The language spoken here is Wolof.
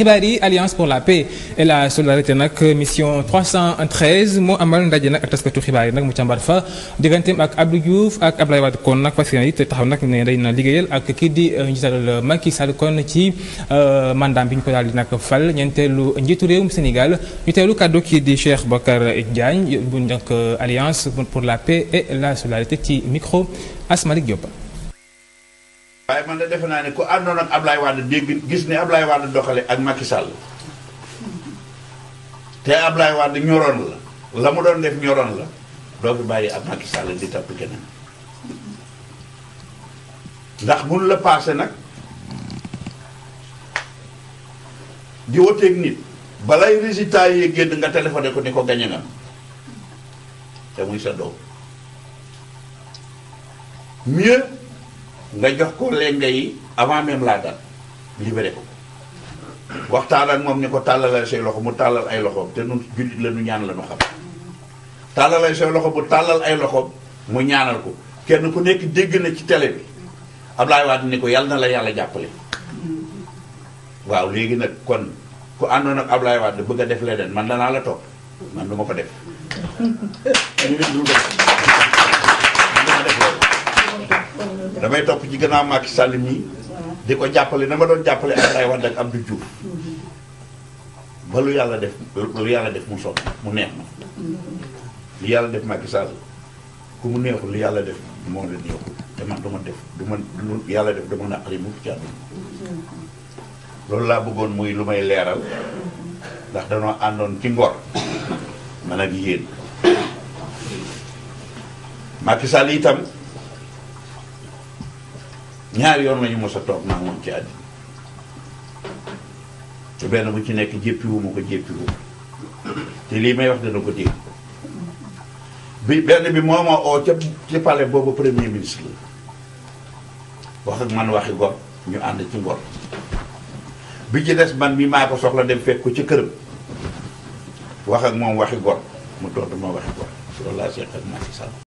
xibaar yi alliance pour la paix et la solidarité nag mission 313 moo amal ndaje nag ak taskatu xibaar yi nag mu càmbar fa digganteem ak Abdou Diouf ak Abdoulaye Wade kon nag fas yéene it taxaw nag ne day na liggéeyal ak kii di njiital Macky Sall kon ci euh, mandat bi ñu ko daal di nag fal ñeenteelu njiitu réewum Sénégal ñu teelu kii di Cheikh Bokar Diagne bu nag euh, alliance pour la paix et la solidarité ci micro Asmalik Diop. waaye man de defe naa ne ku àndoon ak Ablaye Wade dégg gis ni Ablaye Wade doxale ak Macky Sall te Ablaye Wade ñoroon la la mu doon def ñoroon la doo fi bàyyi ak Macky Sall di topp keneen ndax bu la paase nag di woteeg nit balay résultat yi génn nga téléphoné ko ni ko gañe nga te muy sa doom mieux nga jox ko lenga yi avant même la date libéré ko waxtaan ak moom ni ko tàllalal say loxo mu tàllal ay loxoom te nun jullit la ñaan la nu xam tàllalal loxo bu tàllal ay loxoom mu ñaanal ko kenn ku nekk dégg na ci tele bi ab Abdoulaye Wade ni ko yàlla na la yàlla jàppale waaw léegi nag kon ku àndoon ak Abdoulaye Wade bëgg a def leneen man danaa la topp man du ma ko def damay topp ci gannaaw Macky Sall mii di ko jàppale dama doon jàppale Abdoulaye Wade ak Abdou Diouf ba lu yàlla def lu yàlla def mu sot mu neex ma lu yàlla def Macky Sall mu neexul yàlla def moo la ma def du ma lu yàlla def dama naqari mu ci loolu laa bëggoon muy lu may leeral ndax danoo àndoon ci ngor man ak yéen Macky itam ñaari yoon lañu mos a toog maa moom ci àddina benn bu ci nekk jéppiwu ma ko lii may wax dana ko dégg bi benn bi moo ma oo ca ci palais boobu premier ministre la wax ak man waxi gor ñu ànd ci ngor bi ci des man bi maa ko soxla dem fekk ko ci këram wax ak moom waxi gor mu tontu ma waxi gor loolu laa seq ak Macky Sall